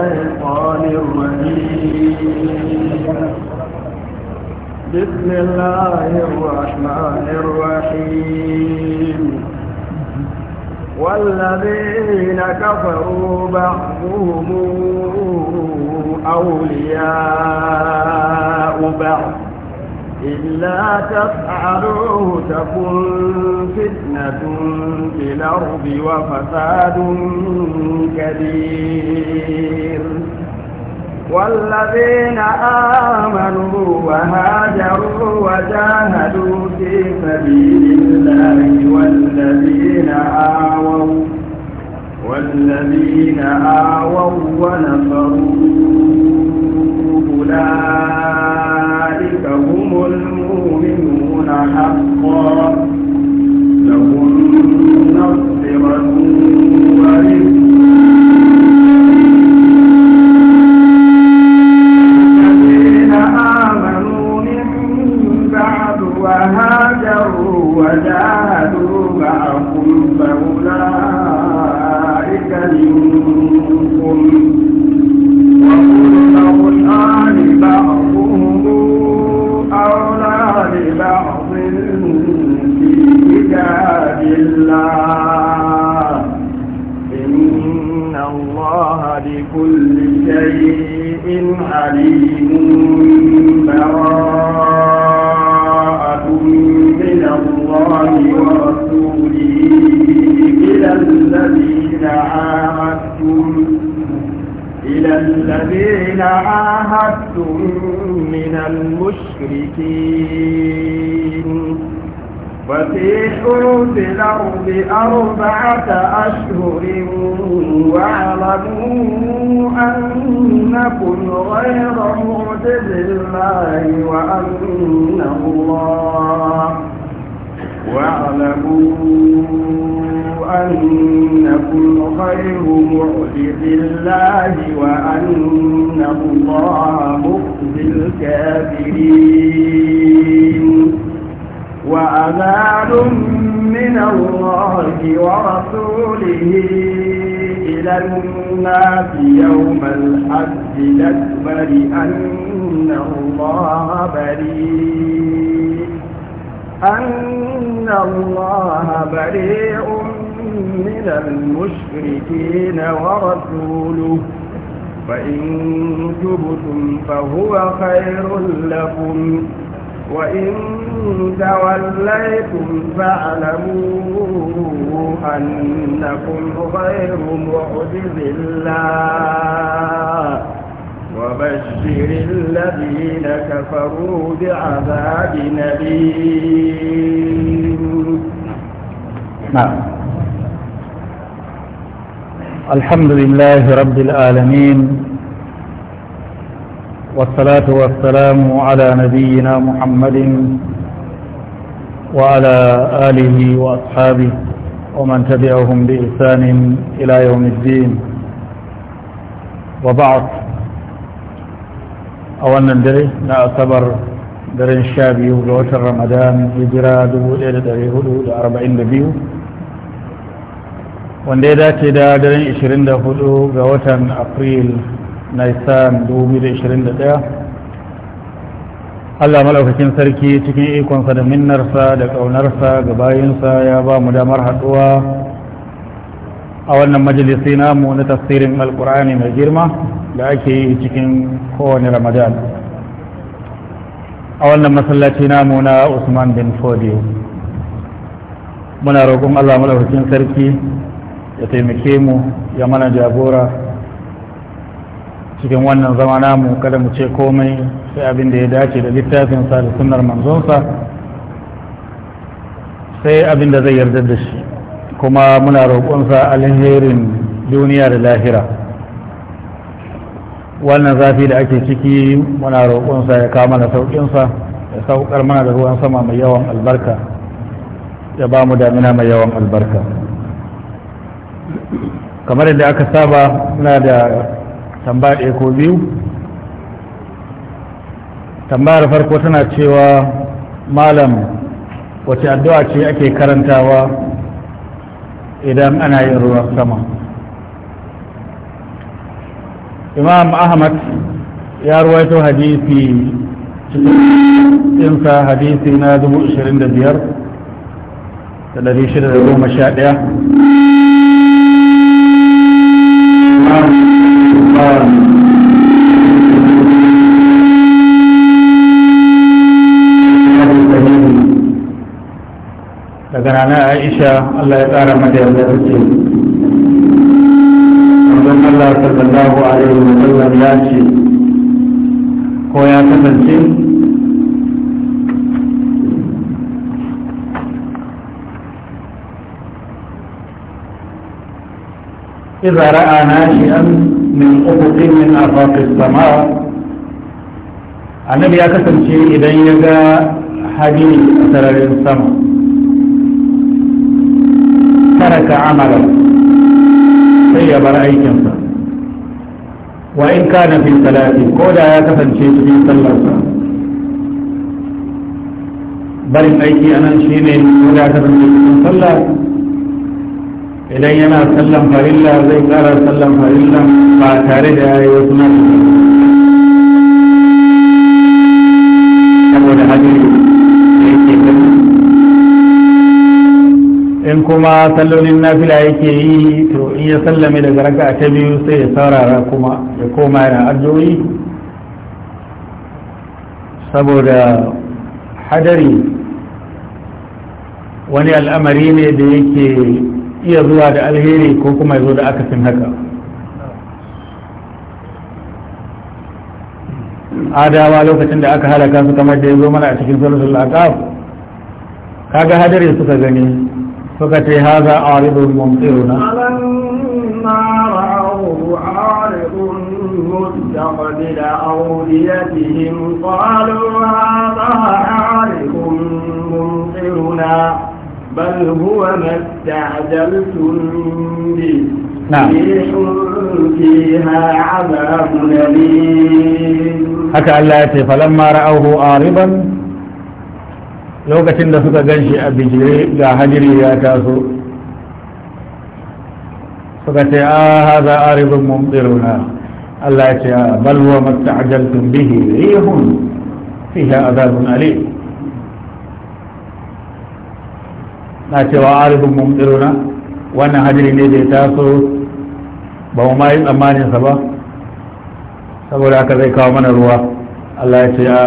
الشيطان الرجيم بسم الله الرحمن الرحيم والذين كفروا بعضهم أولياء بعض إلا تفعلوه تكن فتنة في الأرض وفساد كبير والذين آمنوا وهاجروا وجاهدوا في سبيل الله والذين آووا والذين آووا ونصروا أولئك أولئك هم المؤمنون حقا لهم مغفرة ورزق وهاجروا وجاهدوا معكم فأولئك عليم براءة من الله ورسوله إلى الذين عاهدتم إلى الذين عاهدتم من المشركين وسيحوا في الأرض أربعة أشهر واعلموا أنكم غير معجز الله وأن الله واعلموا أنكم غير معجز الله وأن الله مخزي الكافرين وأمان من الله ورسوله إلى الناس يوم الحج الأكبر أن الله بريء أن الله بريء من المشركين ورسوله فإن تبتم فهو خير لكم وإن توليتم فاعلموا أنكم غير معجز الله وبشر الذين كفروا بعذاب نبيل نعم الحمد لله رب العالمين والصلاة والسلام على نبينا محمد وعلى آله وأصحابه ومن تبعهم بإحسان إلى يوم الدين وبعض أولا دري لا أصبر دري الشابي ولوت رمضان يجراد وإلى دري هدو لأربعين دبيو wanda ya درين إشرين daren 24 أبريل nisan 2021 allah malaukakin sarki cikin ikonsa da minnarsa da ƙaunarsa ga bayansa ya ba mu damar haɗuwa a wannan majalisi namu na tafsirin alkur'ani mai girma da ake yi cikin kowane ramadan a wannan masallaci namu na usman bin fodiyo muna roƙon allah malaukakin sarki ya taimake mu ya mana jagora cikin wannan zama namu kada mu ce komai sai abin da ya dace da littafinsa da sunnar manzonsa sai abin da zai yarda da shi kuma muna roƙonsa alherin duniya da lahira wannan zafi da ake ciki muna roƙonsa ya kama da sauƙinsa ya saukar mana da ruwan sama mai yawan albarka ya ba mu damina mai yawan albarka kamar yadda aka saba muna da tambaya ɗaya ko biyu tambayar farko tana cewa malam wace addu'a ce ake karantawa idan ana yin ruwan sama imam ahmad ya ruwaito hadisi cikinsa hadisi na 25,611 imam daga rana aisha allah ya tsara mata yadda ta ce wanzan allah sallallahu alaihi wa sallam ya ce ko ya kasance إذا رأى ناشئا min ufuqin min afaqis ya kasance idan ya ga hadi a sararin sama taraka amala sai ya bar aikinsa wa in kana fi salati ko da ya kasance cikin sallarsa barin aiki anan shine ko da ya kasance cikin sallar idan yana sallan farilla zai kara sallan farilla ba tare da ya yi wasu na saboda hadiri in kuma sallolin nafila yake yi to in ya sallame daga raka ta biyu sai ya saurara kuma ya koma yana addu'o'i saboda hadari wani al'amari ne da yake iya zuwa da alheri ko kuma ya zo da akasin haka adawa lokacin da aka halaka su kamar da ya zo mana a cikin suratul aqaf kaga hadari suka gani suka ce haza aridun mumtiruna مستقبل أوديتهم قالوا هذا عارف ممطرنا بل هو ما استعجلتم به ريح فيها عذاب أليم. حتى الله فلما رأوه آربا لوكة لسوك قنشي أبي جري لا هجري يا تاسو فقالت آه هذا آرب ممطرنا الله يتي بل هو ما استعجلتم به ريح فيها عذاب أليم na cewa arifin mumtiruna wannan hadiri ne da ya taso ba mu ma yi tsammaninsa ba saboda haka zai kawo mana ruwa Allah ya ce a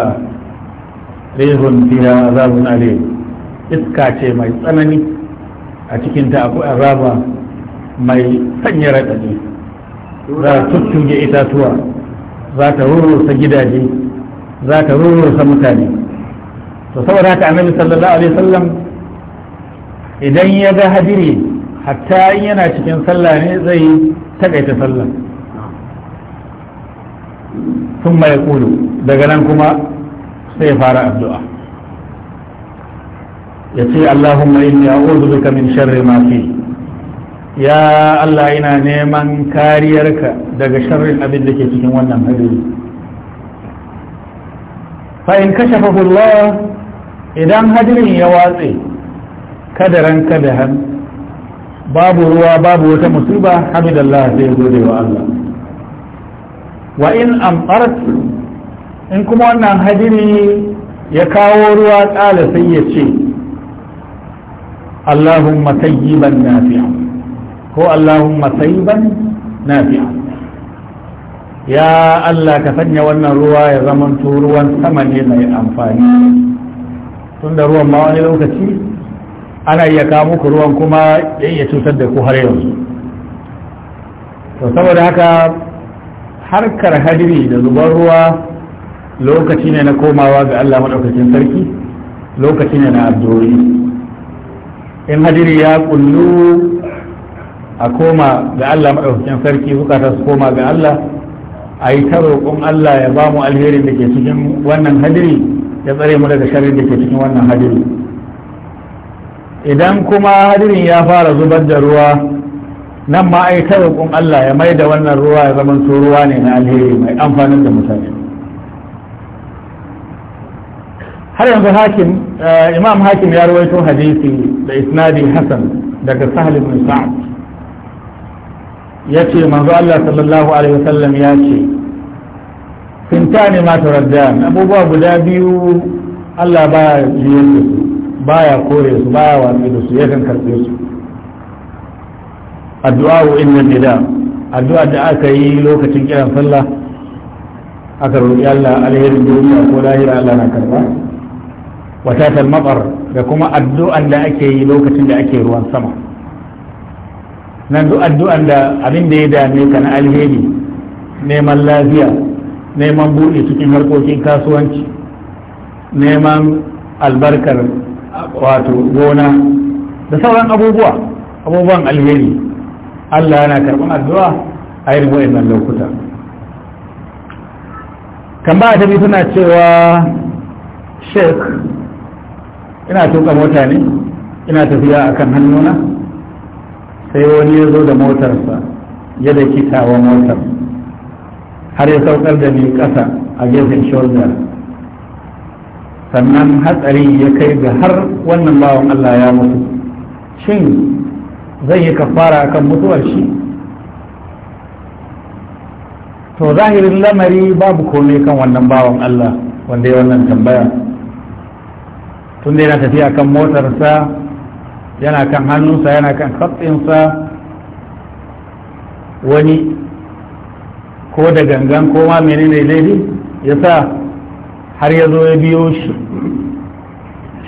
rihun fiya azabun ale iska ce mai tsanani a cikinta akwai azaba mai sanya raɗaɗi za a tuttuge itatuwa za ta rurrusa gidaje za ta rurrusa mutane to saboda haka annabi sallallahu alaihi wasallam idan ya ga hadiri hatta yana cikin sallah ne zai takaita sallah sun mai kulu daga nan kuma sai fara addu'a ya ce allahumma inni a'udhu bika min sharri ma fi ya allah ina neman kariyarka daga sharrin abin da ke cikin wannan hadiri fa in kashafa Allah idan hadirin ya watse kadaran kadahan babu ruwa babu wata musiba hamidallah sai gode wa Allah wa in amqarat in kuma wannan hadiri ya kawo ruwa kala sai ya ce Allahumma tayyiban nafi'a ko Allahumma tayyiban nafi'a ya Allah ka sanya wannan ruwa ya zama ruwan sama ne mai amfani tunda ruwan ma wani lokaci ana iya kawo muku ruwan kuma ya iya cutar da ku har yanzu to saboda haka harkar hadiri da zubar ruwa lokaci ne na komawa ga Allah madaukakin sarki lokaci ne na addu'o'i in hadiri ya kullu a koma ga Allah madaukakin sarki bukata su koma ga Allah a yi ta roƙon Allah ya ba mu alherin da ke cikin wannan hadiri ya tsare mu daga sharrin da ke cikin wannan hadiri idan kuma hadirin ya fara zubar da ruwa nan ma ai ta roƙon Allah ya mai da wannan ruwa ya zama su ruwa ne na alheri mai amfanin da mutane har yanzu hakim eh, imam hakim ya rawaito hadisi da isnadi hasan daga sahal ibn sa'ad yace manzo Allah sallallahu alaihi wasallam ya ce fintani ma turaddan abubuwa guda biyu Allah ba jiyar da su baya kore su baya watsi da su yakan karɓe su addu'a wa inna nida addu'a da aka yi lokacin kiran sallah aka roƙi Allah alherin duniya ko lahira Allah na karba Wata matsar da kuma addu'an da ake yi lokacin da ake ruwan sama nan duk addu'an da abin da ya dame ka na alheri neman lafiya neman buɗe cikin harkokin kasuwanci neman albarkar wato gona da sauran abubuwa abubuwan alheri Allah yana karɓar addu'a a irin wa'annan lokuta ba ta biyu tana cewa sheik ina tuka mota ne ina tafiya a kan hannuna sai wani ya zo da motarsa ya da kitawa motar har ya saukar da ni ƙasa a gefen shoulder sannan hatsari ya kai ga har wannan bawan Allah ya mutu shin zai yi kafara akan mutuwar shi to zahirin lamari babu komai kan wannan bawan Allah wanda ya wannan tambaya tun da yana tafiya kan motarsa yana kan hannunsa yana kan katsinsa wani ko da gangan ko ma menene laifi ya sa har ya zo ya biyo shi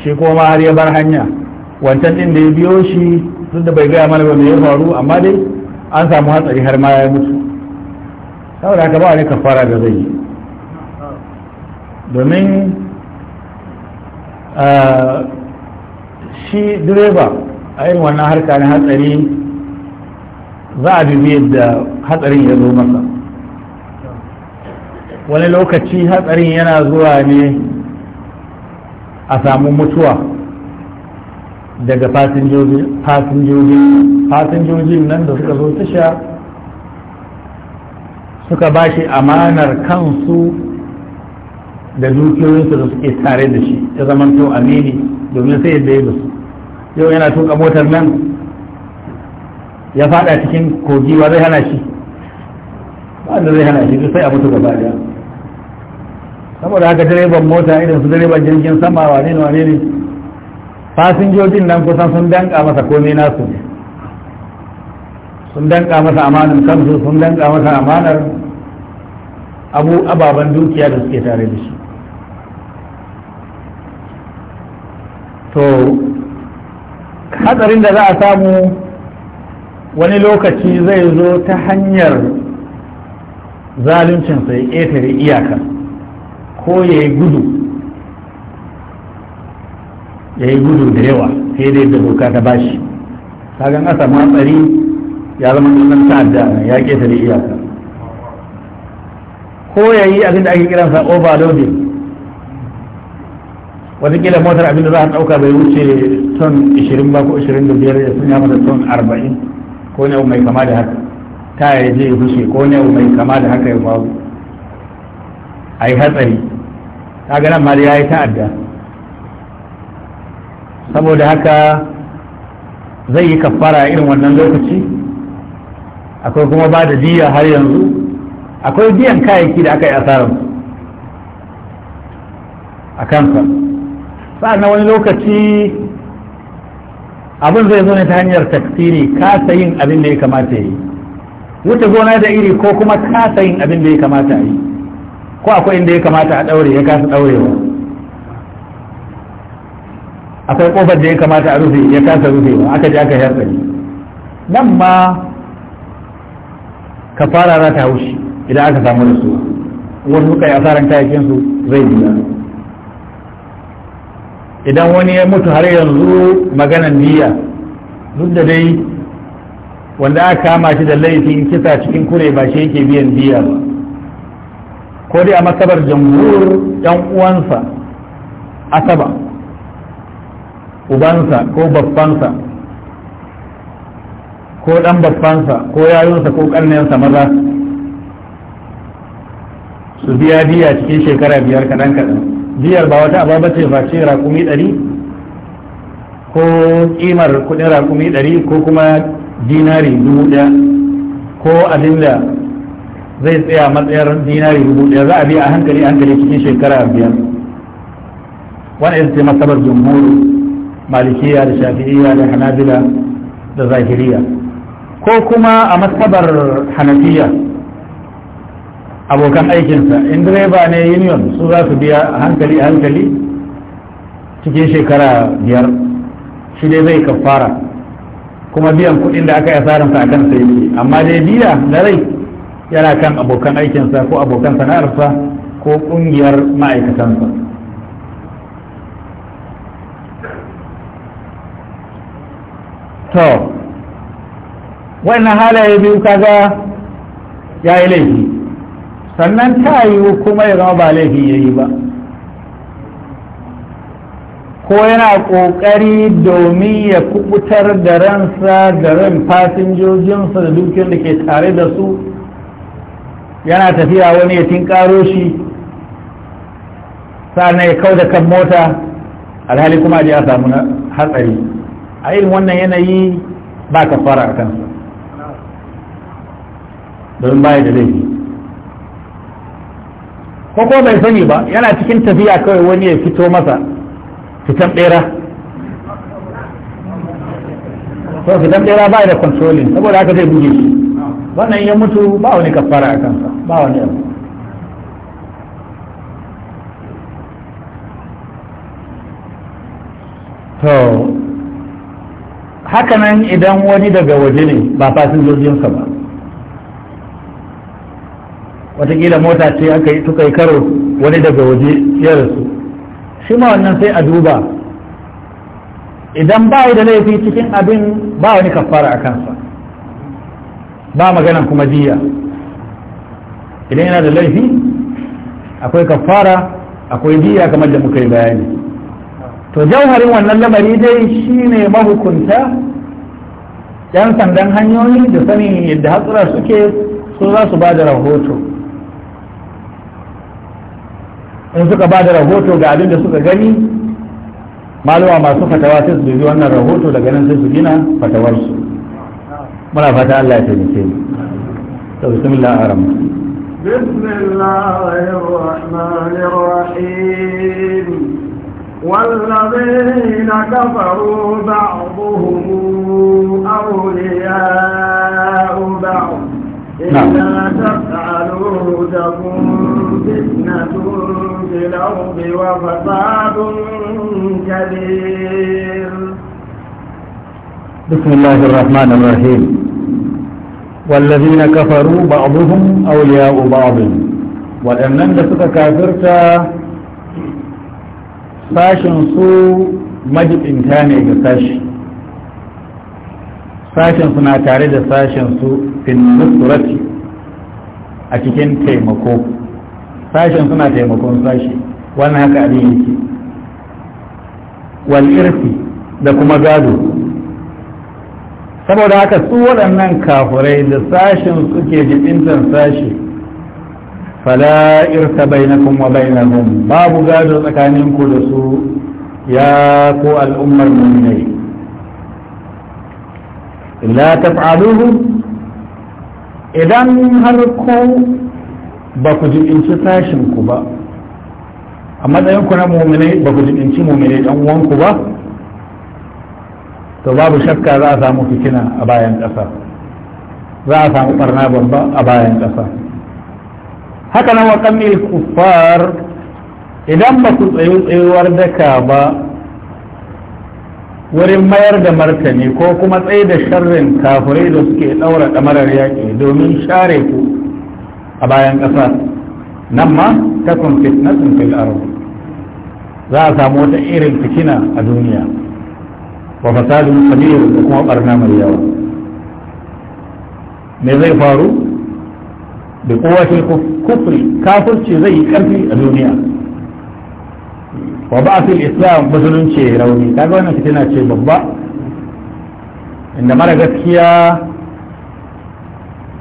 shi kuma har ya bar hanya wancan din da ya biyo shi duk da bai gaya mana ba mai ya faru amma dai an samu hatsari har ma ya mutu saboda haka ba wani kafara da zai yi domin shi direba a irin wannan harka na hatsari za a dubi yadda hatsarin ya zo masa wani lokaci hatsarin yana zuwa ne a samu mutuwa daga fasinjojin nan da suka zo tasha suka ba shi amanar kansu da dukiyoyinsu da suke tare da shi ta zaman to amini domin sai yadda ya su yau yana tuka motar nan ya fada cikin kogi wa zai hana shi ba da zai hana shi sai a mutu gaba daya saboda haka direban mota irin su direban jirgin sama wane ne wane ne fasinjojin nan kusan sun danka masa komai nasu ne sun danka masa amanar kansu sun danka masa amanar abu ababen dukiya da suke tare da shi to hatsarin da za a samu wani lokaci zai zo ta hanyar zaluncinsa ya ƙetare iyaka ko ya yi gudu ya yi gudu da yawa sai dai da doka ta bashi kagan a samu hatsari ya zama nan ta'adda ya ƙesa da iyaka ko ya yi abin da ake kiransa overloading watakila motar abin da za a ɗauka bai wuce ton 20 ba ko 25 ya sun ya mata ton 40 ko ne mai kama da haka ta ya zai rushe ko ne mai kama da haka ya faru a yi hatsari kaga nan ma ya yi ta'adda saboda haka zai yi kafara irin wannan lokaci akwai kuma ba da diya har yanzu akwai biyan kayayyaki da aka yi asarar a kansa sa'an wani lokaci abin zai zo ne ta hanyar taksiri kasa yin abin da ya kamata ya yi wuce gona da iri ko kuma kasa yin abin da ya kamata a yi ko akwai inda ya kamata a daure ya kasa daurewa akwai kofar da ya kamata a rufe ya kasa rufewa aka je aka yarda nan ma fara za ta haushi idan aka samu rasuwa wasu suka yi asaran kayakin su zai biya idan wani ya mutu har yanzu maganan niyya duk da dai wanda aka kama shi da laifin kisa cikin kure ba shi yake biyan biya ba ko dai a masabar jamhur yan uwansa asaba ubansa ko babbansa ko dan babbansa ko yayunsa ko karnensa maza su biya biya cikin shekara biyar kaɗan kaɗan biyar ba wata ababa ce face rakumi ɗari ko kimar kuɗin rakumi ɗari ko kuma dinari dubu ɗaya ko abinda zai tsaya matsayar dinari dubu ɗaya za a biya a hankali hankali cikin shekara biyar wani ita ce masabar jumhur malikiya da shafi'iyya da hanabila da zahiriya ko kuma a masabar hanafiya abokan aikinsa in direba ne union su za su biya a hankali hankali cikin shekara biyar shi dai zai kafara kuma biyan kuɗin da aka yi asarinsa a kan sai amma dai biya na rai yana kan abokan aikinsa ko abokan sana'arsa ko ƙungiyar ma'aikatansa to wannan halaye biyu kaga ya yi laifi sannan ta yiwu kuma ya zama ba laifi ya yi ba ko yana ƙoƙari domin ya kubutar da ransa da ran fasinjojinsa da dukiyar da ke tare da su yana tafiya wani ya tinkaro shi sa'an ya kau da kan mota alhali kuma ya samu hatsari a irin wannan yanayi ba ka fara a kansa domin baya da laifi ko ko bai sani ba yana cikin tafiya kawai wani ya fito masa fitan bera so fitan bera ba da controlling saboda haka zai buge shi wannan ya mutu ba wani kafara a kansa ba wani abu to hakanan idan wani daga waje ne ba fasinjojinsa ba watakila mota ce aka yi tuka yi karo wani daga waje ya rasu shi ma wannan sai a duba idan ba da laifi cikin abin ba wani kafara a kansa ba maganan kuma diya idan yana da laifi akwai kafara akwai diya kamar da muka yi bayani to jauharin wannan lamari dai shine mahukunta yan sandan hanyoyi da sanin yadda hatsura suke su za su ba da rahoto in suka ba da rahoto ga abin da suka gani maluwa masu fatawa sai su wannan rahoto daga nan sai su gina fatawarsu muna fata Allah ya taimake mu to bismillah بسم الله الرحمن الرحيم والذين كفروا بعضهم أولياء بعض إذا تفعلوا تكون فتنة في الأرض وفساد كبير بسم الله الرحمن الرحيم والذين كفروا بعضهم أولياء بعض وأنن لسك كافرت ساشن سو مجد إمكاني ساشن ساشن سنا تارد ساشن سو في النصرة أتكين تيمكو ساشن سنا تيمكو ساشن وانا هكا أبيه والإرث لكما قادوا saboda haka su waɗannan kafurai da sashin suke jibintar sashi fala irka bainakum wa bainahum babu gado tsakanin ku da su ya ko al'ummar mu'minai la taf'aluhu idan har ku ba ku jibinci sashin ku ba a matsayin ku na mu'minai ba ku jibinci mu'minai dan uwanku ba to babu shakka za a samu fitina a bayan ƙasa za a samu ɓarna babba a bayan ƙasa haka nan wa ƙamil kuffar idan ba ku tsayu tsayuwar daka ba wurin mayar da martani ko kuma tsaye da sharrin kafirai da suke ɗaura ɗamarar yaƙi domin share ku a bayan ƙasa nan ma takun fitnatun fil ardi za a samu wata irin fitina a duniya wa fasadun kabiru da kuma barna mai yawa me zai faru da kowace kufri kafirci zai yi karfi a duniya wa fil islam musulunci rauni kaga wannan fitina ce babba inda mara gaskiya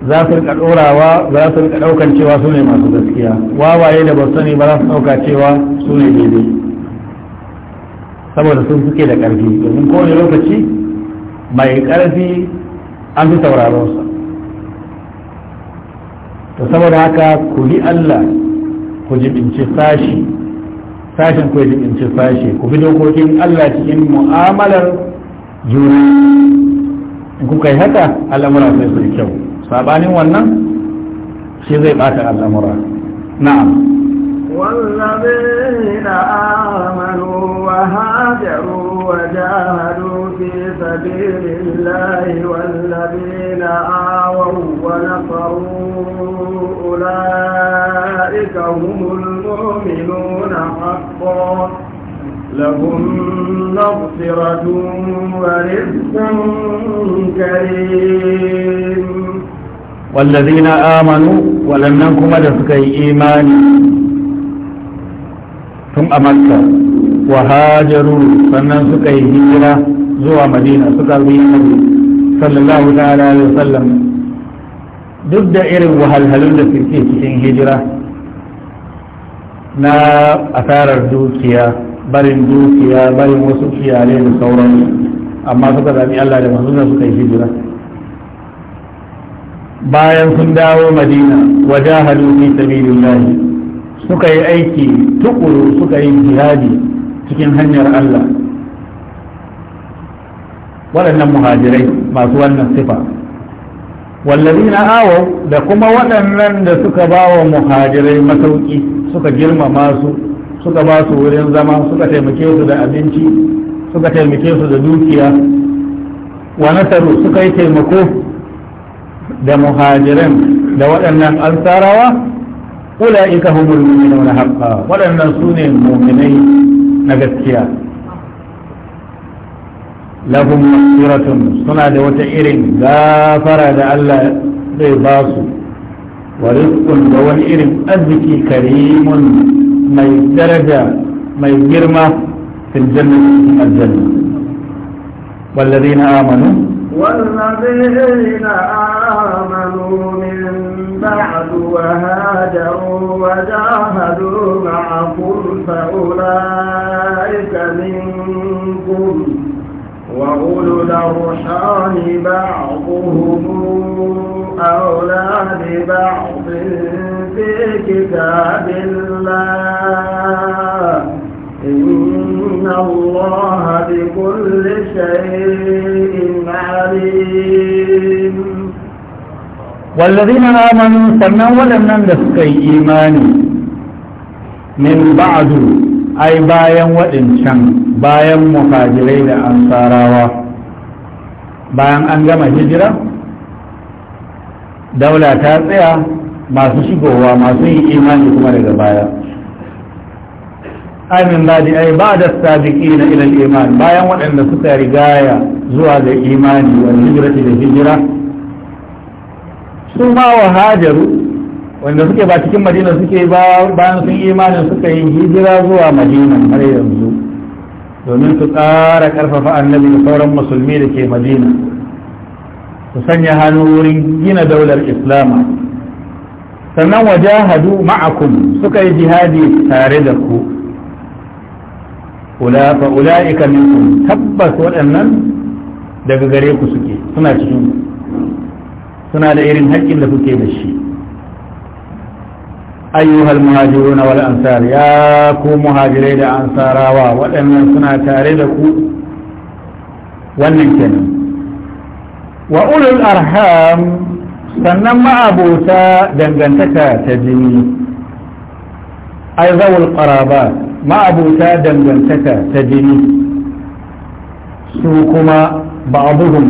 za su rika ɗorawa za su rika ɗaukan cewa su ne masu gaskiya wawaye da ba sani ba za su ɗauka cewa su ne daidai saboda sun suke da ƙarfi domin kowane lokaci mai ƙarfi an fi sauraronsa to saboda haka ku bi Allah ku jibinci sashi sashen ku jibinci sashi ku bi dokokin Allah cikin mu'amalar juna in kuka yi haka al'amura sai su kyau sabanin wannan shi zai bata al'amura na'am والذين آمنوا وهاجروا وجاهدوا في سبيل الله والذين آووا ونصروا أولئك هم المؤمنون حقا لهم مغفرة ورزق كريم والذين آمنوا ولم نكن مدفك إيمان tun a makka wa hajaru sannan suka yi hijira zuwa madina suka bi annabi sallallahu ta'ala alaihi wasallam duk da irin wahalhalun da suke cikin hijira na asarar dukiya barin dukiya barin wasu iyalai da sauransu amma suka zaɓi Allah da manzon suka yi hijira bayan sun dawo madina wajahadu fi sabilillah suka yi aiki tukuru suka yi jihadi cikin hanyar Allah waɗannan muhajirai masu wannan sifa na awo da kuma waɗannan da suka ba wa muhajirai masauki suka girmama su suka ba su wurin zama suka taimake su da abinci suka taimake su da dukiya wa nasaru suka yi taimako da muhajiran da waɗannan ansarawa أولئك هم المؤمنون حقا ولم نسون المؤمنين نجسيا لهم مغفرة صنع وتعير غافر لألا بيباس ورزق وولئر أذكي كريم من درجة من جرمة في الجنة الجنة والذين آمنوا والذين آمنوا من بعد وهاجروا وجاهدوا معكم فأولئك منكم وأولو الأرحام بعضهم أولى ببعض في كتاب الله إن الله بكل شيء عليم wallazina amanu sannan waɗannan da suka yi imani min ba'du ai bayan waɗancan bayan da ansarawa bayan an gama hijira daula ta tsaya masu shigowa masu yin imani kuma daga baya amin badi ai ba da sabiki na ilal iman bayan waɗanda suka rigaya zuwa ga imani wal hijirati da hijira su ma wa hajaru wanda suke ba cikin madina suke bayan sun imanin suka yi hijira zuwa madina har yanzu domin su ƙara ƙarfafa annabi da sauran musulmi da ke madina su sanya hannu wurin gina daular islama sannan wajahadu ma'akum suka yi jihadi tare da ku ula'ika minkum tabbas waɗannan daga gare ku suke suna cikin ku suna da irin haƙƙin da kuke da shi ayyuhal muhajiruna wal ansar ya ku muhajirai da ansarawa waɗannan suna tare da ku wannan kenan wa ulul arham sannan ma'abota dangantaka ta jini ai zawul ma'abota dangantaka ta jini su kuma ba'dhum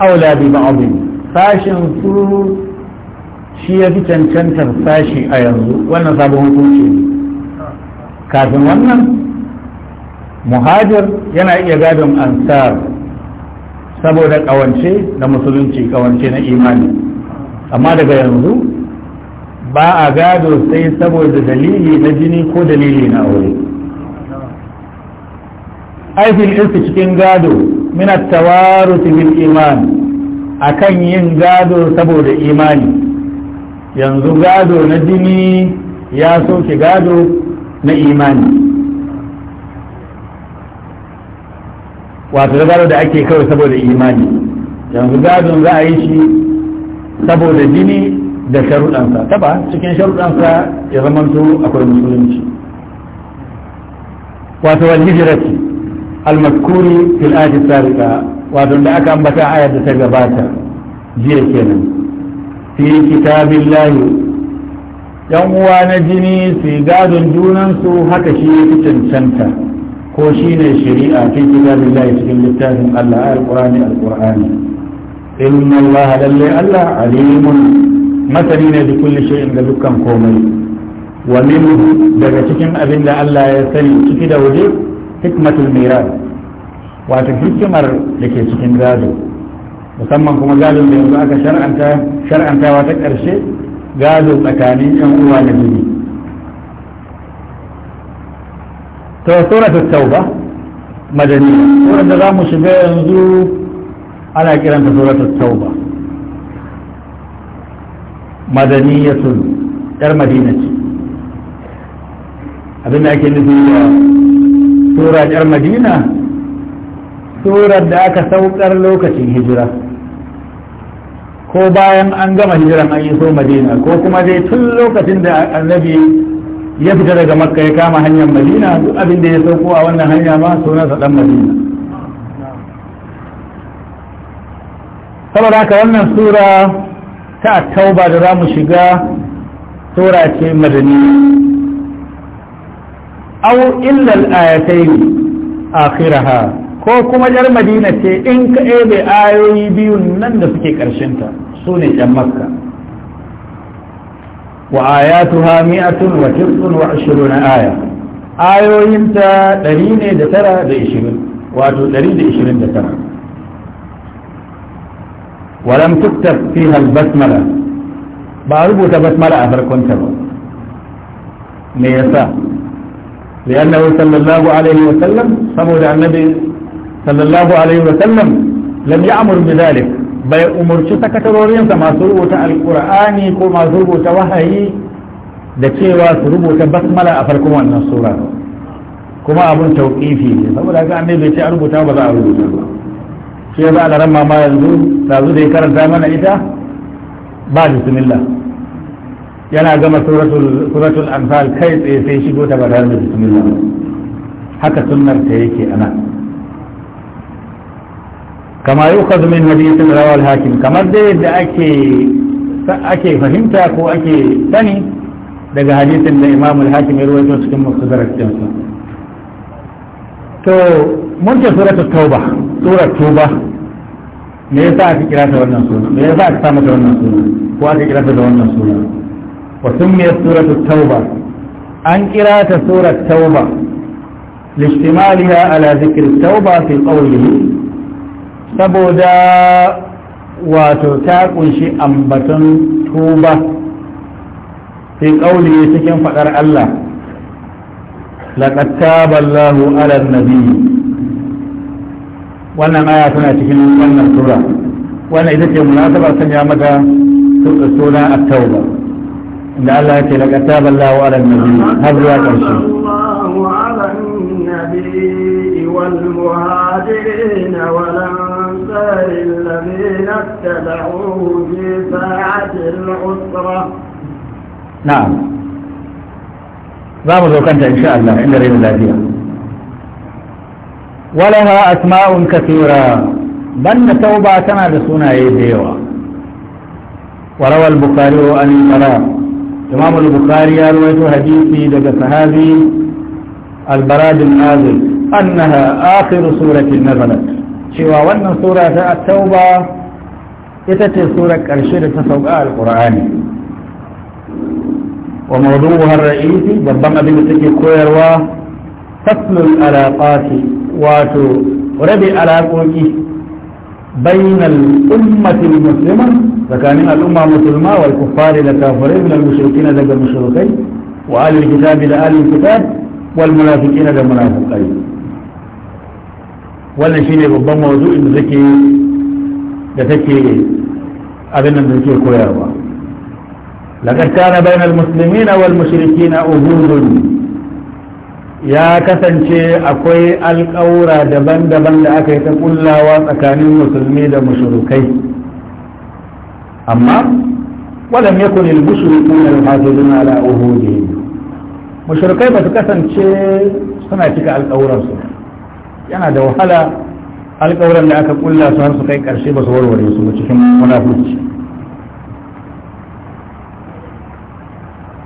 aula bi ba'dhin sashen su shi ya fi cancantar sashi a yanzu wannan sabon hukunci ne kafin wannan muhajir yana iya gadon ansar saboda kawance na musulunci kawance na imani amma daga yanzu ba a gado sai saboda dalili na jini ko dalili na aure aikin irsu cikin gado mina tawarutu bil iman akan yin gado saboda imani yanzu gado na jini ya soke gado na imani wato gado da ake kawai saboda imani yanzu gadon za a yi shi saboda jini da sharuɗansa taba cikin sharuɗansa ya zamanto akwai musulunci wato wal hijirati al-mazkuri fil ayati sabiqa wato da aka ambata ayar da ta gabata jiya kenan fi kitabillahi yan uwa na jini su gadon junansu haka shi fi cancanta ko shi ne shari'a fi kitabillahi cikin littafin Allah Alƙurani, Alƙur'ani. inna Allah lalle Allah alimun masani ne da kulli shay'in da dukkan komai wa min daga cikin abin da Allah ya sani ciki da waje hikmatul miras wato hikimar da ke cikin gado musamman kuma gadon da yanzu aka shar'antawa ta ƙarshe gado tsakanin yan uwa da jini to ta tauba madani surar da za mu shiga yanzu ana kiranta sura ta tauba madaniyatul yar madina ce abinda ake nufi da sura yar madina surar da aka saukar lokacin hijira ko bayan an gama hijiran an yi so madina ko kuma dai tun lokacin da annabi ya fita daga makka ya kama hanyar madina duk abin da ya sauko a wannan hanya ma sa dan madina saboda haka wannan sura ta tauba da za shiga sura ce madaniya أو إلا الآيتين آخرها ko kuma jar madina ce in ka ebe ayoyi biyun nan da suke ta su ne yan makka wa ayatuha mi'atun wa tisun wa ashirun aya ayoyinta ɗari ne da tara da ishirin wato ɗari da ishirin da tara walam tuktab fiha basmala ba rubuta basmala a farkonta ba me yasa li'annahu sallallahu alaihi wa sallam saboda annabi sallallahu alaihi wa sallam lam ya'mur bi dhalik bai umurci sakatarorinsa masu rubuta alqur'ani ko masu rubuta wahayi da cewa su rubuta basmala a farkon wannan sura kuma abun tauqifi ne saboda ga annabi bai ce a rubuta ba za a rubuta ba shi yasa alaran mama yanzu dazu da ya karanta mana ita ba bismillah yana gama suratul anfal kai tsaye sai shigo ta ba da bismillah haka sunnar ta yake a nan. كما يؤخذ من حديث رواه الحاكم كما ذي ذاكي فاكي فهمت اكو اكي ثاني دغ حديث الامام الحاكم يروي في مسكن مصدر الجنس تو من سورة التوبة سورة التوبة ليس في قراءة ونحن سورة ليس في قراءة ونحن سورة هو في قراءة ونحن سورة وسميت سورة التوبة عن قراءة سورة التوبة لاشتمالها على ذكر التوبة في قوله saboda wato ta kunshi ambaton tuba fi kauli cikin fadar Allah laqad taba Allahu ala nabi wannan aya tana cikin wannan sura wannan ita ce munasaba sanya mata suna at-tauba inda Allah ya ce laqad taba Allahu ala nabi har zuwa ƙarshe Allahu ala nabi wal muhajirin الأنصار الذين اتبعوه في ساعة العسرة نعم باب كنت إن شاء الله عند رئيس الله فيها ولها أسماء كثيرة بن توبة كما بصنع إيديوا وروى البخاري عن المرا إمام البخاري رويت حديثي لدى صحابي البراد بن أنها آخر سورة نزلت cewa wannan sura ta tauba ita ce surar ƙarshe da ta sauƙa al-qur'ani wa mawdu'uha ar-ra'isi babban abin da take koyarwa faslul alaqati wato rabi alaqoki bainal ummati muslima tsakanin al'umma musulma wal kuffari da kafirai min al-mushrikin daga mushrikai wa ahli al-kitab da ahli kitab wal munafiqin da munafiqai wannan shine babban mawdu'in da take da take abin da take koyarwa laqad kana bainal muslimina wal mushrikina uhudun ya kasance akwai alƙawura daban-daban da aka yi ta kullawa tsakanin musulmi da mushrikai amma walam yakun al mushrikuna yuhafizuna ala uhudihim mushrikai ba su kasance suna cika alƙawuransu yana da wahala alƙawuran da aka kulla su har su kai ƙarshe ba su warware su cikin munafurci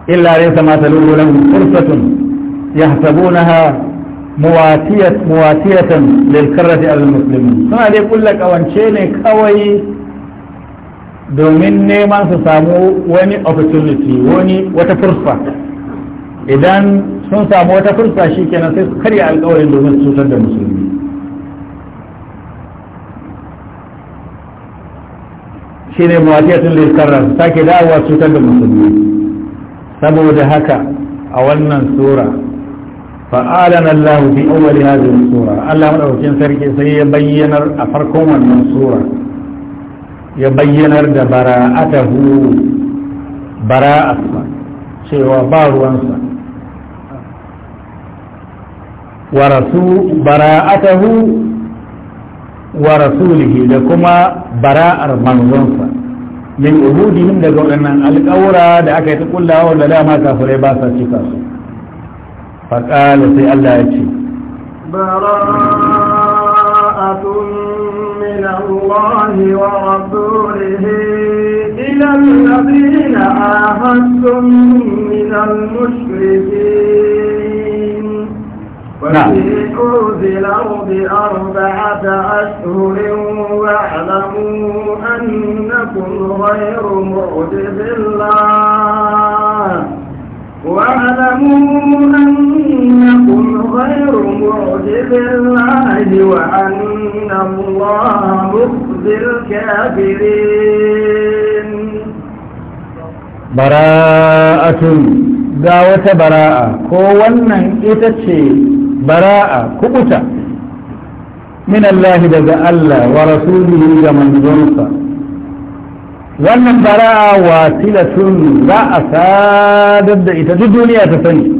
illa ta ma kursatun lahum fursatun na ha muwatiyatan da karrati al muslimin suna dai kulla kawance ne kawai domin neman su samu wani opportunity wani wata fursa idan sun samu wata fursa shi kenan sai su karya alkawarin domin su cutar da musulmi shi ne mawatiyatun lissarar sake dawowa cutar da musulmi saboda haka a wannan sura fa'alan Allah fi awwali hadhihi sura Allah madaukakin sarki sai ya bayyanar a farkon wannan sura ya bayyanar da bara'atahu bara'atsa cewa ba ruwansa bara'atahu wa rasulihi da kuma bara'ar manzonsa min uhudihim daga waɗannan alƙawura da aka yi ta kullawa da dama kafirai ba sa cika su faƙala sai Allah ya ce bara'atun min Allah wa rasulihi ila alladhina ahadtum min al-mushrikeen نعم. وَلِيكُوا فِي الْأَرْضِ أَرْبَعَةَ أَشْهُرٍ وَاعْلَمُوا أَنَّكُمْ غَيْرُ مُعْجِزِ اللَّهِ واعلموا أنكم غير معجز الله وأن الله مخزي الكافرين براءة دعوة براءة bara'a ko wannan براءة كبتا من daga Allah wa ورسوله لمن ظنصا wannan bara'a wasilatun za a sadar da ita duk duniya ta sani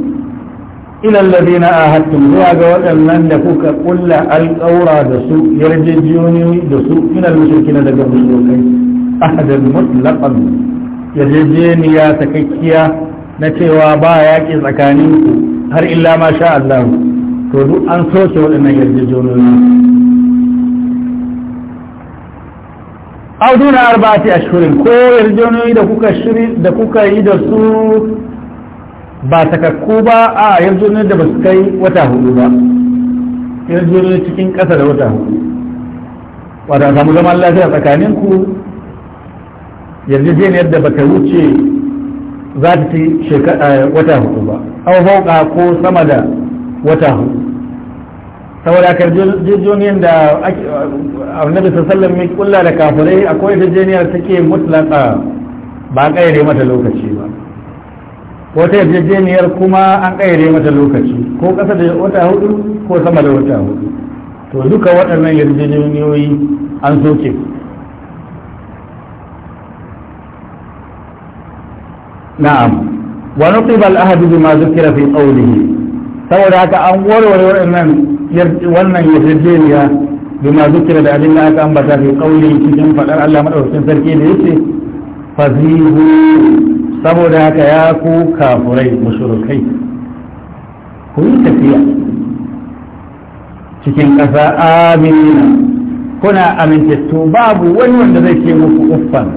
ilal ladina ahadtum zuwa ga waɗannan da kuka kulla alƙaura da su yarjejiyoni da su minal mushrikin daga mushrikai ahadan mutlaqan yarjejeniya sakakkiya na cewa ba yaƙi tsakanin ku har illa ma sha Allah to duk an soke waɗannan yarjejeniyoyi auduna arba'ati ashhurin ko yarjejeniyoyi da kuka shiri da kuka yi da su ba takakku ba a yarjejeniyoyi da ba su kai wata hudu ba yarjejeniyoyi cikin ƙasa da wata hudu wata samu zaman lafiya tsakanin ku yarjejeniyar da ta wuce za ta ci eh, wata hudu ba abubuwa ko sama da wata hu saboda karjejoniyar da annabi sallallahu alaihi kulla da kafirai akwai yarjejeniyar take mutlaka ba kayyade mata lokaci ba wata yarjejeniyar kuma an kayyade mata lokaci ko kasa da wata hudu ko sama da wata hudu to duka waɗannan yarjejeniyoyi an soke na'am wa nuqiba al-ahd bima dhukira fi qawlihi saboda haka an warware wannan wannan yarjejeniya bi ma zikira da abin da aka ambata fi kauli cikin fadar Allah madaukakin sarki da yace fazihu saboda haka ya ku kafurai mushrikai ku yi tafiya cikin ƙasa amina kuna amintattu babu wani wanda zai ce muku uffan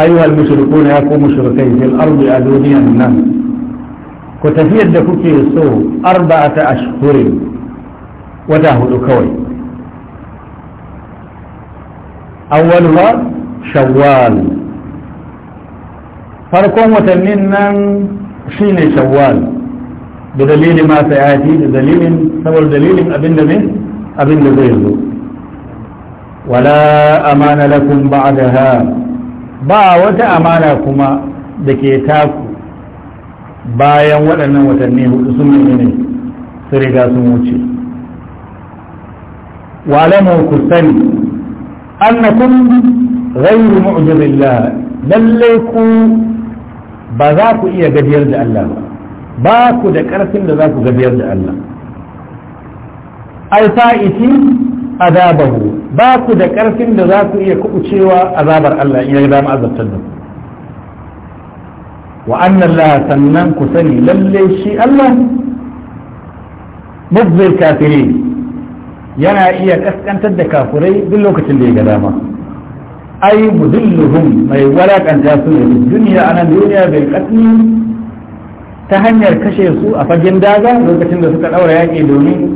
ayyuhal mushrikuna ya ku mushrikai fil ardi a duniyan nan ku tafiyar da kuke so arba'ata ashhurin wata hudu kawai awwaluha shawwal farkon watannin nan shine shawwal da dalilin ma sayati da dalilin saboda dalilin abinda ne abinda zai zo wala amana lakum ba'daha ba wata amana kuma da ke taku bayan waɗannan watanni hudu sun yi ne su riga sun wuce walamu ku sani annakum ghayru mu'jizillah lalle ku ba za ku iya gajiyar da Allah ba ba ku da ƙarfin da za ku gajiyar da Allah ai fa'iti azabahu ba ku da ƙarfin da za ku iya kuɓucewa azabar Allah in ya dama azabtar da ku wa annan la sannan ku sani shi Allah mubzir kafiri yana iya kaskantar da kafurai duk lokacin da ya ga dama ai mudilluhum mai walakanta su ne duniya anan duniya bil qatli ta hanyar kashe su a fagen daga lokacin da suka daura yaki domin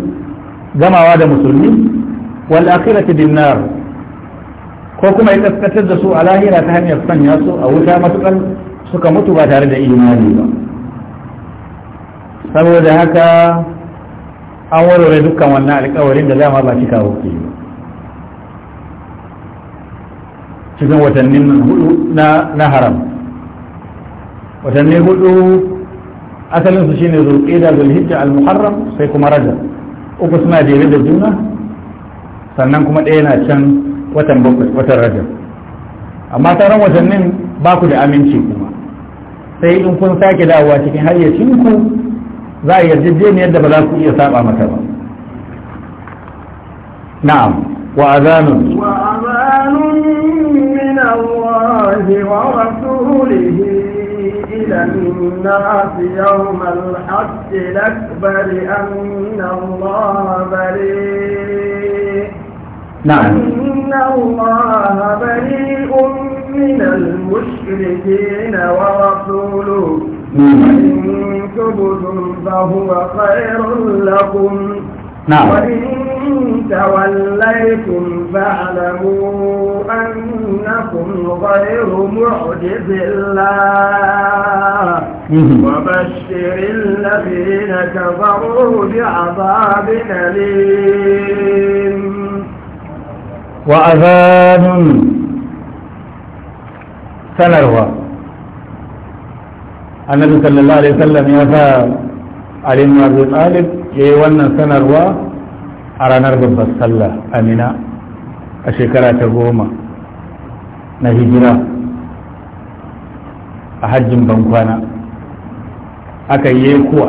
gamawa da musulmi wal akhirati bin nar ko kuma ya kaskantar da su a lahira ta hanyar sanya su a wuta matukar suka mutu ba tare da imani ba saboda haka an warware dukkan wannan alkawarin da dama ba cika wuke ba cikin watannin hudu na haram watannin hudu asalin su shine da zulhijja al-muharram sai kuma raja uku suna jere da juna sannan kuma ɗaya na can watan bakwai watan amma taron watannin ba ku da aminci kuma sai in kun sake dawowa cikin hayyacinku za a yarda yarjejeniyar yadda ba za ku iya saba mata ba na'am wa azanu wa azanu min Allah wa rasulih ila an-nas yawm al-hajj al-akbar anna Allah bari na'am inna Allah bari'un من المشركين ورسوله نعم. وإن تبتم فهو خير لكم نعم وإن توليتم فاعلموا أنكم غير معجز الله وبشر الذين كفروا بعذاب أليم وأذان sanarwa annabi sallallahu alaihi wasallam ya sa ali ibn abi talib yayi wannan sanarwa a ranar babbar sallah amina a shekara ta goma na hijira a hajjin bankwana aka yi kuwa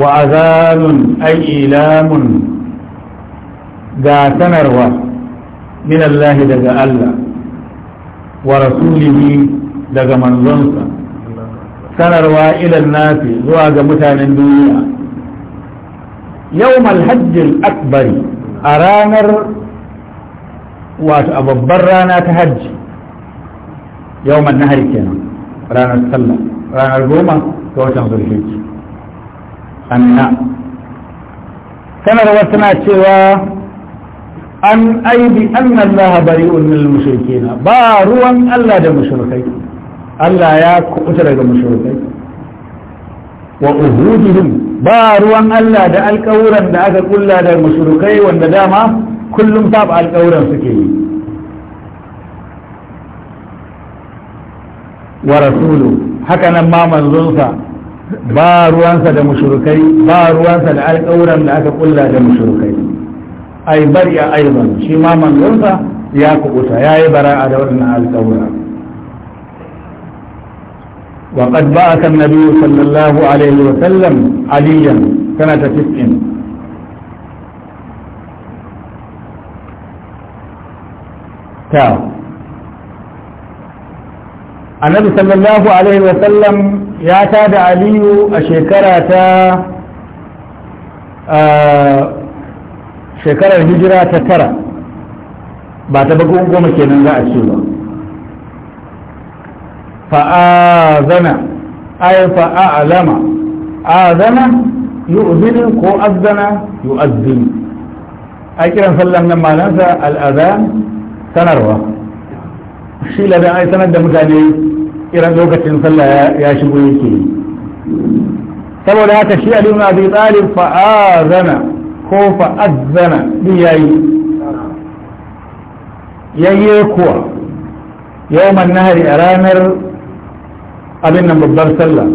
wa azanun ay ilamun ga sanarwa min Allah daga Allah wa rasulihi daga manzonsa sanarwa ilan nasi zuwa ga mutanen duniya yau malhajjil akbari a ranar wato a babbar rana ta hajji yau nahari kenan ranar sallah ranar goma ga watan zulhijji anna sanarwa tana cewa an aibi anna Allah bari'un min al na. ba ruwan Allah da mushrikai Allah ya kuɓuta daga mushrikai wa uhudihim ba ruwan Allah da alƙawuran da aka kulla da mushrikai wanda dama kullum sab alƙawuran suke yi wa rasulu haka nan ma manzonsa ba ruwansa da mushrikai ba ruwansa da alƙawuran da aka kulla da mushrikai ai bari a aiban shi ma manzonsa ya kubuta ya yi bara'a da waɗannan alƙawura wa qad ba'atha an sallallahu alaihi wa sallam aliyan kana ta 90 ta sallallahu alaihi wa sallam ya aliyu a shekara ta ah, shekarar hijira ta tara ba ta bakin goma kenan za a ce ba fa'azana ay fa'alama azana yu'zinu ko azzana yu'azzin. a kiran sallan nan malansa al'azan sanarwa shi ladan ai sanar da mutane irin lokacin sallah ya shigo yake saboda haka shi aliyu na abi talib fa'azana ko fa azzana yayi yayye kuwa yawman nahari a ranar abin nan babbar sallah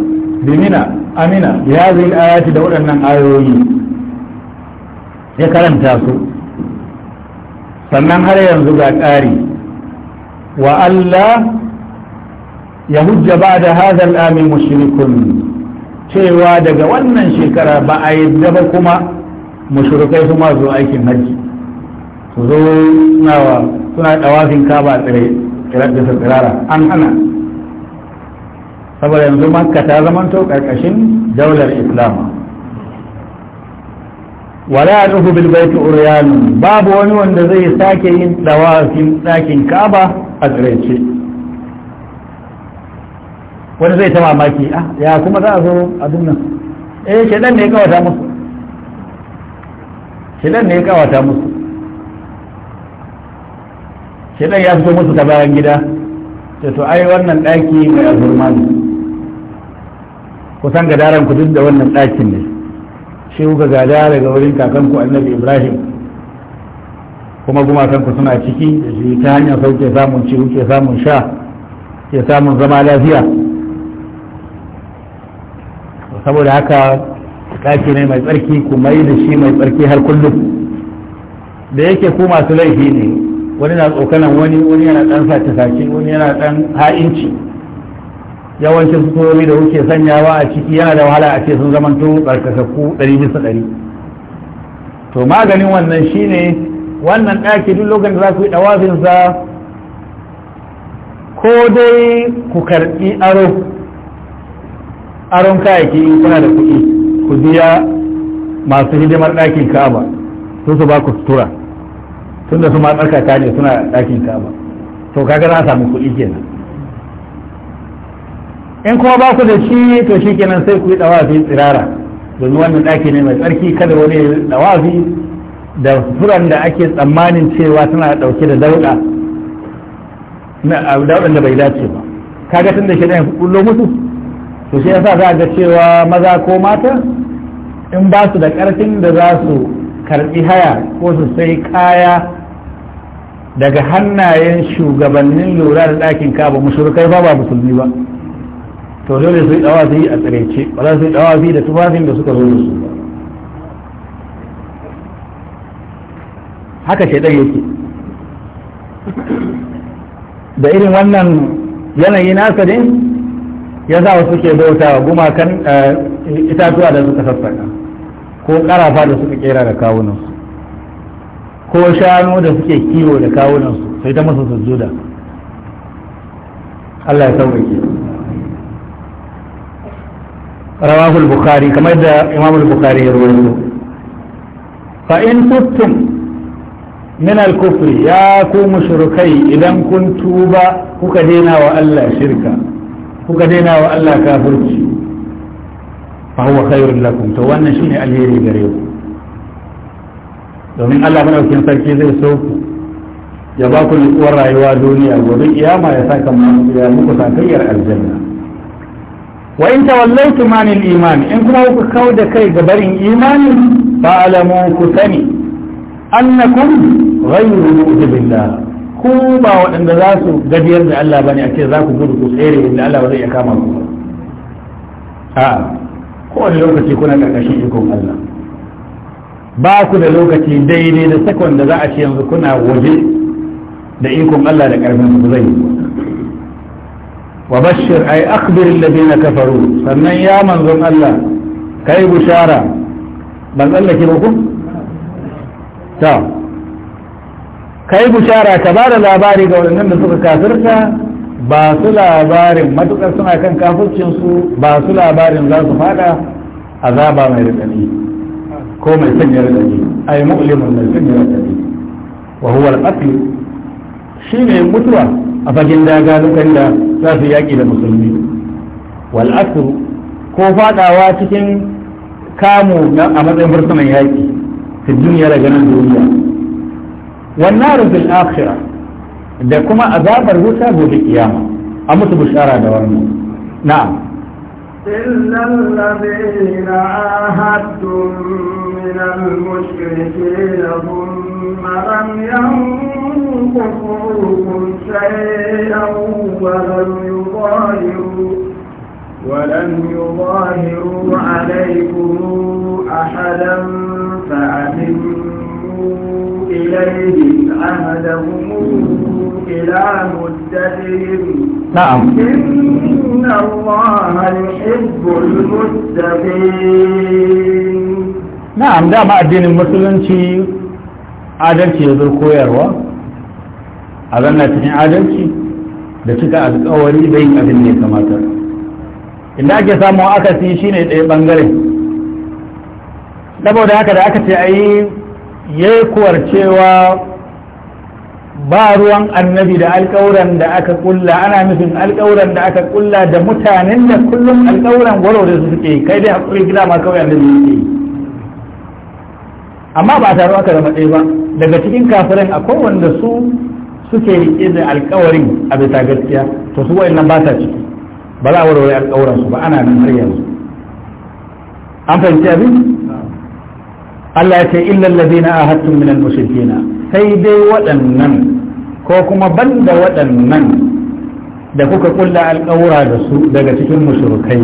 bimina amina ya zai da waɗannan ayoyi ya karanta su sannan har yanzu ga ƙari wa Allah ya hujja ba da hazal amin mushrikun cewa daga wannan shekara ba a yadda ba kuma mushrikai su ma zo aikin hajji su zo suna dawafin kaba tsire da su tsirara an hana saboda yanzu makka ta zamanto karkashin daular islam wala nuhu bil baiti uryan babu wani wanda zai sake yin dawafin ɗakin kaba a tsirece wani zai ta mamaki ah ya kuma za a zo abin nan eh shedan ne ya kawata musu shidan ne ya kawata musu shidan ya fito musu ta bayan gida ta to ai wannan ɗaki mai azurma ne kusan daren ku duk da wannan ɗakin ne shi kuka gada daga wurin kakanku annabi ibrahim kuma gumakanku suna ciki da shi ta hanyar sauke samun ci ke samun sha ke samun zama lafiya saboda haka daki ne mai tsarki ku mai da shi mai tsarki har kullum da yake ku masu laifi ne wani na tsokanan wani wani yana dan sace sace wani yana dan ha'inci yawancin suturori da kuke sanyawa a ciki yana da wahala a ce sun zamanto tsarkakakku ɗari bisa ɗari to maganin wannan shine wannan ɗaki duk lokacin da za ku yi ɗawafinsa ko dai ku karɓi aro aron kayayyaki kuna da kuɗi ku biya masu hidimar ɗakin ka'aba su su ba ku sutura tun da su ma tsarkaka ne suna ɗakin ka'aba to kaga na samu kuɗi kenan in kuma ba ku da shi to shi kenan sai ku yi ɗawafi tsirara domin wannan ɗaki ne mai tsarki kada wani ɗawafi da furan da ake tsammanin cewa tana ɗauke da dauɗa na dauɗan da bai dace ba kaga tun da shi ɗayan kullo musu to shi yasa za ga cewa maza ko mata in ba su da ƙarfin da za su karɓi haya ko su sai kaya daga hannayen shugabannin lura da ɗakin kaba mashirukai ba ba musulmi ba to dole su yi dawafi a tsiraice ba za su yi dawafi da tufafin da suka zo da su ba haka ɗaya yake da irin wannan yanayi nasa ne ya sa suke ke bauta gumakan eh, itatuwa da suka sassaka ko ƙarafa da suka kera da kawunansu ko shanu da suke kiwo da kawunansu sai ta musu sujjuda Allah ya sauƙaƙe rawahul bukhari kamar da imamul bukhari ya rawaito fa in kuntum min al kufri ya ku mushrikai idan kun tuba kuka daina wa Allah shirka kuka daina wa Allah kafirci fa huwa khairul lakum to wannan shine alheri gare ku domin Allah madaukakin sarki zai so ku ya ba ku uwar rayuwa duniya gobe kiyama ya saka ya muku sakayyar aljanna wa in tawallaitu man iman in kuma ku kauda kai ga barin imani fa alamu ku sani annakum ghayru mu'jibillah ku ba waɗanda za su gajiyar da Allah bane a ce za ku gudu ku tsere inda Allah ba zai iya kama ku a kowane lokaci kuna ƙarƙashin ikon Allah ba ku da lokaci daidai da sakon da za a ce yanzu kuna waje da ikon Allah da ƙarfin su zai wa bashir ay akhbir alladhina kafaru sannan ya manzon Allah kai bushara ban tsallake ba ku ta ka yi bushara ka ba da labari ga waɗannan da suka kafirta ba su labarin matukar suna kan kafircinsu ba su labarin za su fada azaba mai rikani ko mai sanya rikani ai mu'limun mai sanya rikani wa huwa al-qatl ne mutuwa a fagen daga lokacin da za su yaki da musulmi wal asr ko fadawa cikin kamu a matsayin fursunan yaki fi duniya daga nan duniya والنار في الآخرة da أذاب الوسى wuta gobe kiyama بشارة musu bishara إلا الذين عاهدتم من المشركين ثم لم ينقصوكم شيئا ولم يظاهروا ولم يظاهروا عليكم أحدا فأتموا إليهم عهدهم إلى na'am dama addinin musulunci adalci ya zo koyarwa a zanna cikin adalci da cika alkawari da yin abin da ya kamata inda ake samu akasi shine ɗaya ɓangare saboda haka da aka ce a yi ya kuwar cewa ba ruwan annabi da alƙawuran da aka kulla ana nufin alƙawuran da aka kulla da mutanen da kullum alƙawuran gwaro da su suke kai dai haƙuri gida ma kawai annabi yake yi amma ba taro aka zama ɗaya ba daga cikin kafirin akwai wanda su suke riƙe da alƙawarin a bisa gaskiya to su wa'annan ba sa ciki ba za a warware alkawuran su ba ana nan har yanzu an fahimci abin Allah ya ce illal ladina ahadtum min al mushrikina sai dai waɗannan ko kuma banda waɗannan da kuka kulla alƙawura da su daga cikin mushrikai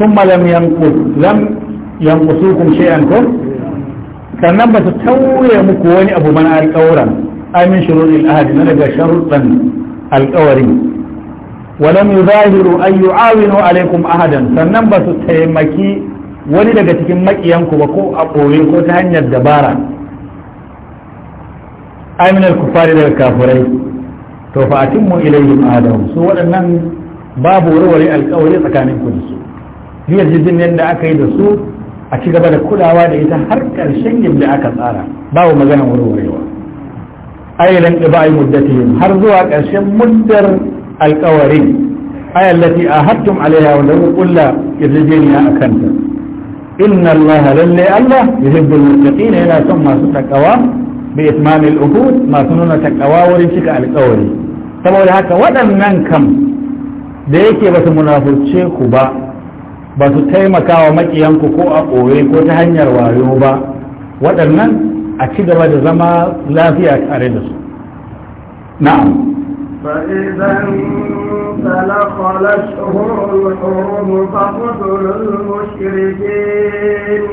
thumma lam yanqus lam yanqusukum shay'an ko sannan ba su tauye muku wani abu mana alƙawura ai min shururi al-ahd na daga sharuɗan alƙawarin ولم يظاهروا أن يعاونوا عليكم أحدا فنن بس تيمكي wani daga cikin makiyanku ba ko a ɓoye ko ta hanyar dabara aminar kufari daga kafurai to fa atimmu ilayhim adam su waɗannan babu warware alƙawari tsakanin ku da su biyar jirgin da aka yi da su a ci gaba da kulawa da ita har ƙarshen yadda aka tsara babu maganar warwarewa ayyalan ɗiba'i muddatihim har zuwa ƙarshen muddar alƙawarin a ahadtum alaiha da kulla yarjejeniya a kanta inna Allah lalle Allah yuhibbul muttaqin yana son masu takawa bi itmamil uhud masu nuna takawa wurin cika alƙawari saboda haka waɗannan kam da yake ba su munafurce ku ba ba su taimaka wa makiyanku ko a ɓoye ko ta hanyar wayo ba waɗannan a ci gaba da zama lafiya tare da su na'am فإذا انسلخ الأشهر الحرم فاقتلوا المشركين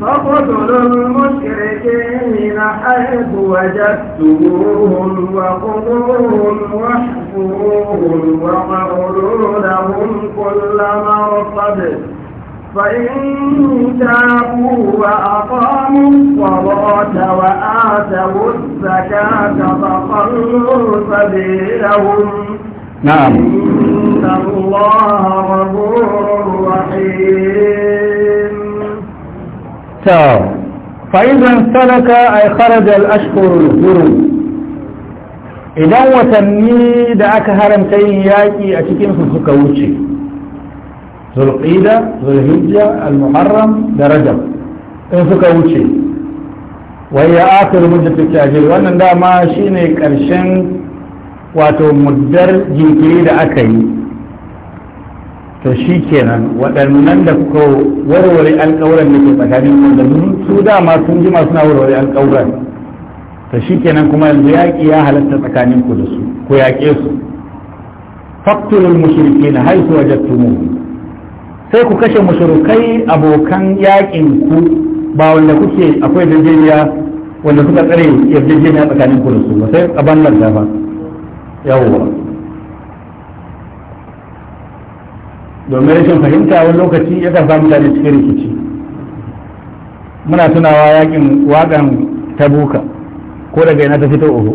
فاقتلوا المشركين حيث وجدتموهم وخذوهم واحفروهم وقعدوا لهم كل مرصد فإن تابوا وأقاموا الصلاة وآتوا الزكاة فخلوا سبيلهم نعم إن الله غفور رحيم تاب فإذا انسلك أي خرج الأشهر الحرم إذا وتمني دعك aka haramta yin في a ذو القيدة ذو الهجة المحرم da rajab in suka wuce wai ya akar muddatul ta'jil wannan dama shine karshen wato muddar jinkiri da aka yi to shi waɗannan da ko warware alƙawuran da ke tsakanin da su dama sun jima suna warware alƙawuran to shi kuma yanzu yaƙi ya halatta tsakanin da su ku yaƙe haisu sai ku kashe musurukai abokan yakin ku ba wanda kuke akwai yarjejeniya wanda suka tsare yarjejeniya tsakanin ku da su ba sai a bannan ta ba domin rashin fahimta wani lokaci ya kan samu mutane cikin rikici muna tunawa yakin ta buka ko daga yana ta fito uku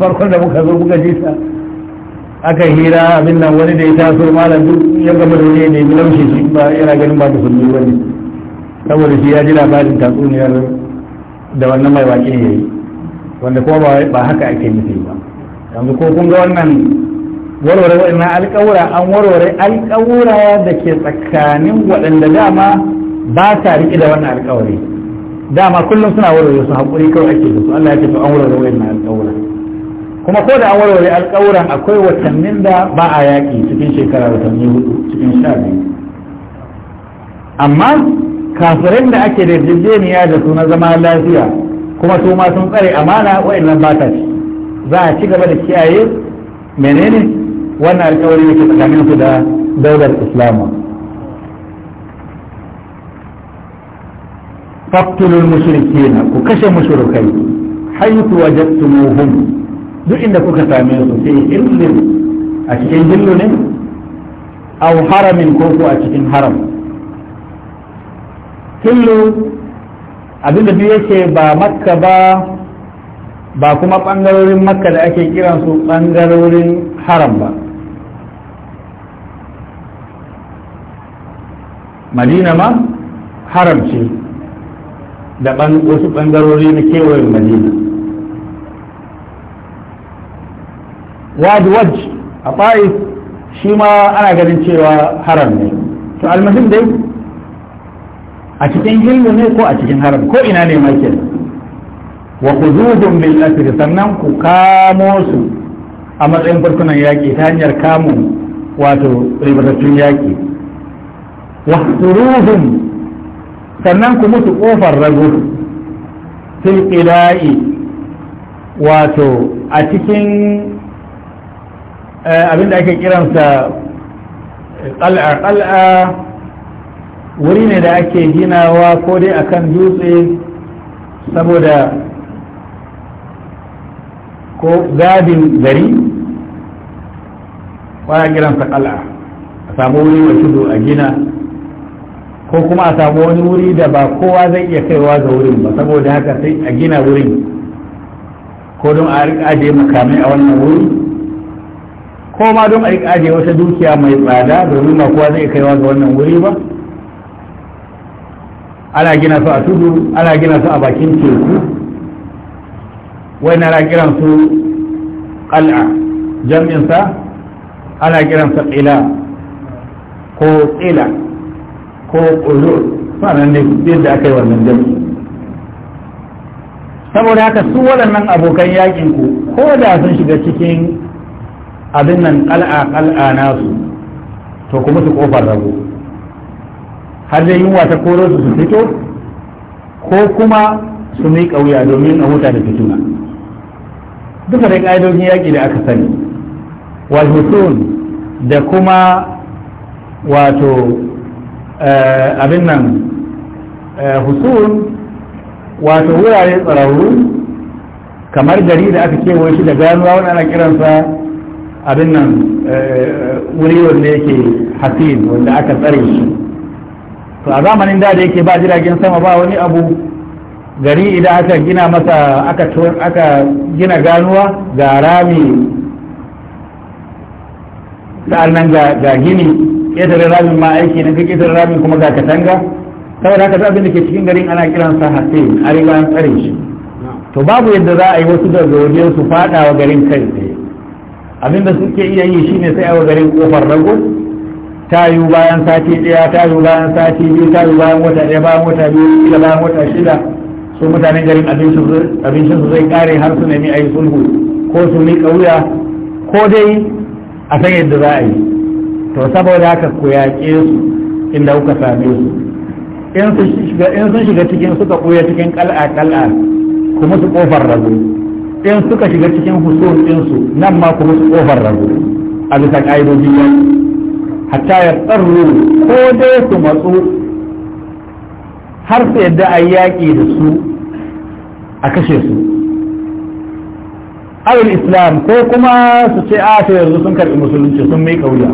farkon da muka zo muka jisa aka hira abin nan wani da ya taso malam duk ya gama da wani ne laushe shi ba yana ganin ba da sunni wani saboda shi ya ji labarin tatsuniyar da wannan mai waƙe ya yi wanda kuma ba haka ake nufi ba yanzu ko kun ga wannan warware waɗannan alƙawura an warware alƙawura da ke tsakanin waɗanda dama ba ta riƙe da wannan alƙawari dama kullum suna warware su haƙuri kawai ake da su Allah ya ce to an warware waɗannan alƙawura kuma ko da an warware alƙawuran akwai watannin da ba a yaƙi cikin shekara watanni hudu cikin sha biyu amma kafirin da ake da yarjejeniya da su na zama lafiya kuma su ma sun tsare amana wa'annan ba ta ci za a ci gaba da kiyaye menene wannan alƙawari da ke tsakanin su da daular islamu faktulul mushrikina ku kashe mushrikai haythu wajadtumuhum duk inda kuka same su sai illin a cikin jillu ne au haramin ko ko a cikin haram hillu abinda duk yake ba makka ba ba kuma ɓangarorin makka da ake kiransu ɓangarorin haram ba madina ma haram ce da wasu ɓangarori na kewayen madina wadi waj a ta'if shi ma ana ganin cewa haram ne to almuhim dai a cikin hilmu ne ko a cikin haram ko ina ne ma kenan wa khuduhum bil asr sannan ku kamo su a matsayin farkunan yaƙi ta hanyar kamun wato ribatattun yaƙi wa turuhum sannan ku mutu ƙofar rago fil qida'i wato a cikin Eh, abinda ake kiransa ƙal'a eh, ƙal'a wuri ne da ake ginawa ko dai akan dutse saboda ko gadin gari waya kiransa ƙal'a a samu wuri wa tudu a gina ko kuma a samu wani wuri da ba kowa zai iya kaiwa ga wurin ba saboda haka sai a gina wurin ko don a ajiye makamai a wannan wuri ko ma don a yi kaje wata dukiya mai tsada domin ba kowa zai kaiwa ga wannan wuri ba ana gina su a tudu ana gina su a bakin teku wani ana kiran su ƙal'a jam'insa ana kiran sa ƙila ko ƙila ko ƙuzo sanan da yadda aka yi wannan jam'i saboda haka su waɗannan abokan yakin ku ko da sun shiga cikin abin nan kal'a kal'a nasu to kuma su kofar rago har zai yi wata koro su su fito ko kuma su mai kauya domin a huta da fituna duka da ka'idojin yaƙi da aka sani wal da kuma wato eh, abin nan eh, husun wato wurare tsararru kamar gari da aka kewaye shi da ganuwa wani ana kiransa abin nan eh, wuri wanda yake hafiz wanda aka tsare shi to a zamanin da da yake ba jiragen sama ba wani abu gari idan aka gina masa aka gina ganuwa ga rami nan ga gini ƙetaren ramin ma aiki na ƙetaren ramin kuma ga katanga saboda haka abin da ke cikin garin ana kiransa hafiz a riba an tsare shi to babu yadda za a yi wasu da su fada wa garin kai abinda suke iya yi ne sai a garin kofar rago yi bayan sati daya yi bayan sati biyu ta yi bayan wata daya bayan wata biyu ila bayan wata shida su mutanen garin abincin su zai kare har su nemi a yi sulhu ko su ni ƙauya ko dai a san yadda za a yi to saboda haka ku yaƙe su inda kuka same su in sun shiga cikin suka ɓuya cikin kal'a kal'a kuma su ƙofar rago in suka shiga cikin husul ɗinsu nan ma kuma su tsohon rago a bisa ƙa'idojin yaki hatta ya tsarru ko dai su matsu har su yadda a yaƙi da su a kashe su abin islam ko kuma su ce a ta yanzu sun karɓi musulunci sun mai kauya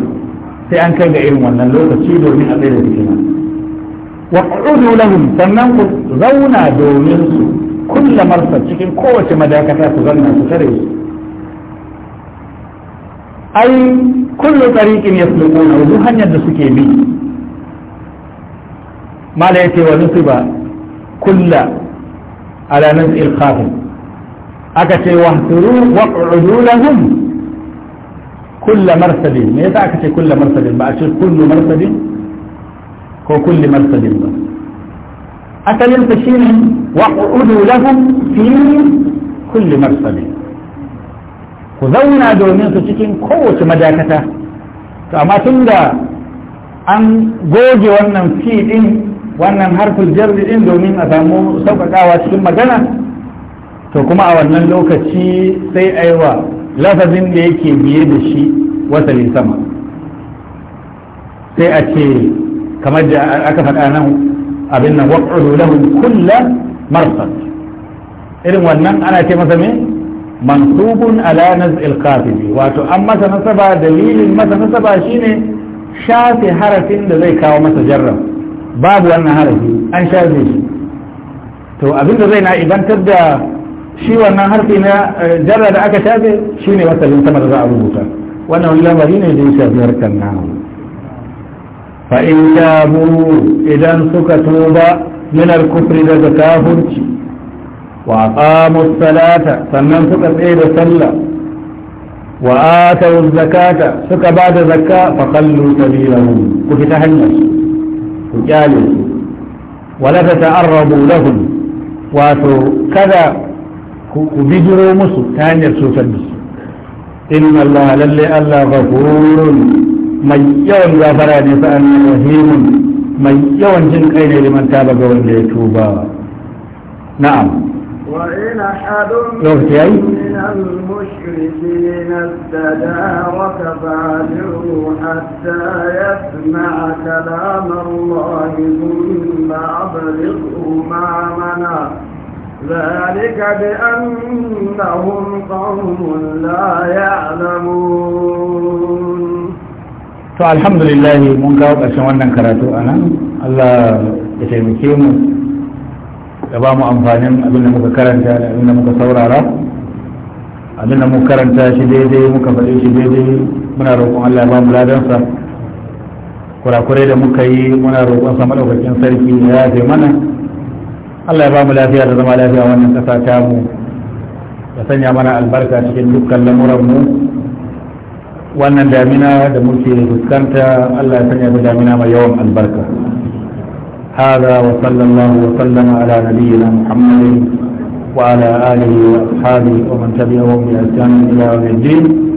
sai an kai ga irin wannan lokaci domin a tsaye da waqudu lahum sannan ku zauna domin su kulla marsa cikin kowace madakata ku zanna su tare su ai kullu tariqin yasluquna duk hanyar da suke bi mala yace wa nusiba kulla ala nasi al aka ce wa turu waqudu lahum kulla marsadin me yasa aka ce kulla marsadin ba a ce kullu marsadin ko kulli marsadin ba asalin sa shine wa udu lahum fi kulli marsadin ku zauna domin su cikin kowace madakata to amma tunda an goge wannan fi din wannan harfin jarri din domin a samu sauƙaƙawa cikin magana to kuma a wannan lokaci sai aiwa lafazin da yake biye da shi wasalin sama sai a ce kamar da aka faɗa nan abin nan waƙa'udu lahum kulla marsad irin wannan ana ce masa me mansubun ala naz'il qatibi wato an masa nasaba dalilin masa nasaba shine shafe harafin da zai kawo masa jarra babu wannan harafi an shafe shi to abin da zai na ibantar da shi wannan harfi na eh, jarra da aka shafe shine wasalin sama da za a rubuta wannan wani lamari ne da ya shafi harkar فإن تابوا إذا توبة من الكفر إذا كافرتي وأقاموا الصلاة فمن سكت إيه صلى وآتوا الزكاة سك بعد زكاة فقلوا سبيلهم هنس وجالسوا ولا تتعرضوا لهم واتوا كذا كبجروا مصر تاني رسول إن الله للي ألا غفور mai yawan gafara ne sa'an rahimun mai yawan jin kai ne liman taba ga wanda ya tuba na'am وإن أحد من المشركين استجارك فاجره حتى يسمع كلام الله ثم أبلغه منا ذلك بأنهم قوم لا يعلمون to alhamdulillah mun kawo ƙarshen wannan karatu a nan allah ya taimake mu ya ba mu amfanin abinda muka karanta da abin muka saurara abinda da muka karanta shi daidai muka faɗi shi daidai muna roƙon allah ya ba mu ladansa kurakurai da muka yi muna roƙon sa maɗaukakin sarki ya yafe mana allah ya ba mu lafiya da zama lafiya wannan ƙasa ta mu ya sanya mana albarka cikin dukkan lamuranmu wannan damina da muke fuskanta Allah ya sanya ta damina mai yawan albarka هذا وصلى الله وسلم على نبينا محمد وعلى آله وأصحابه ومن تبعهم بإحسان إلى يوم الدين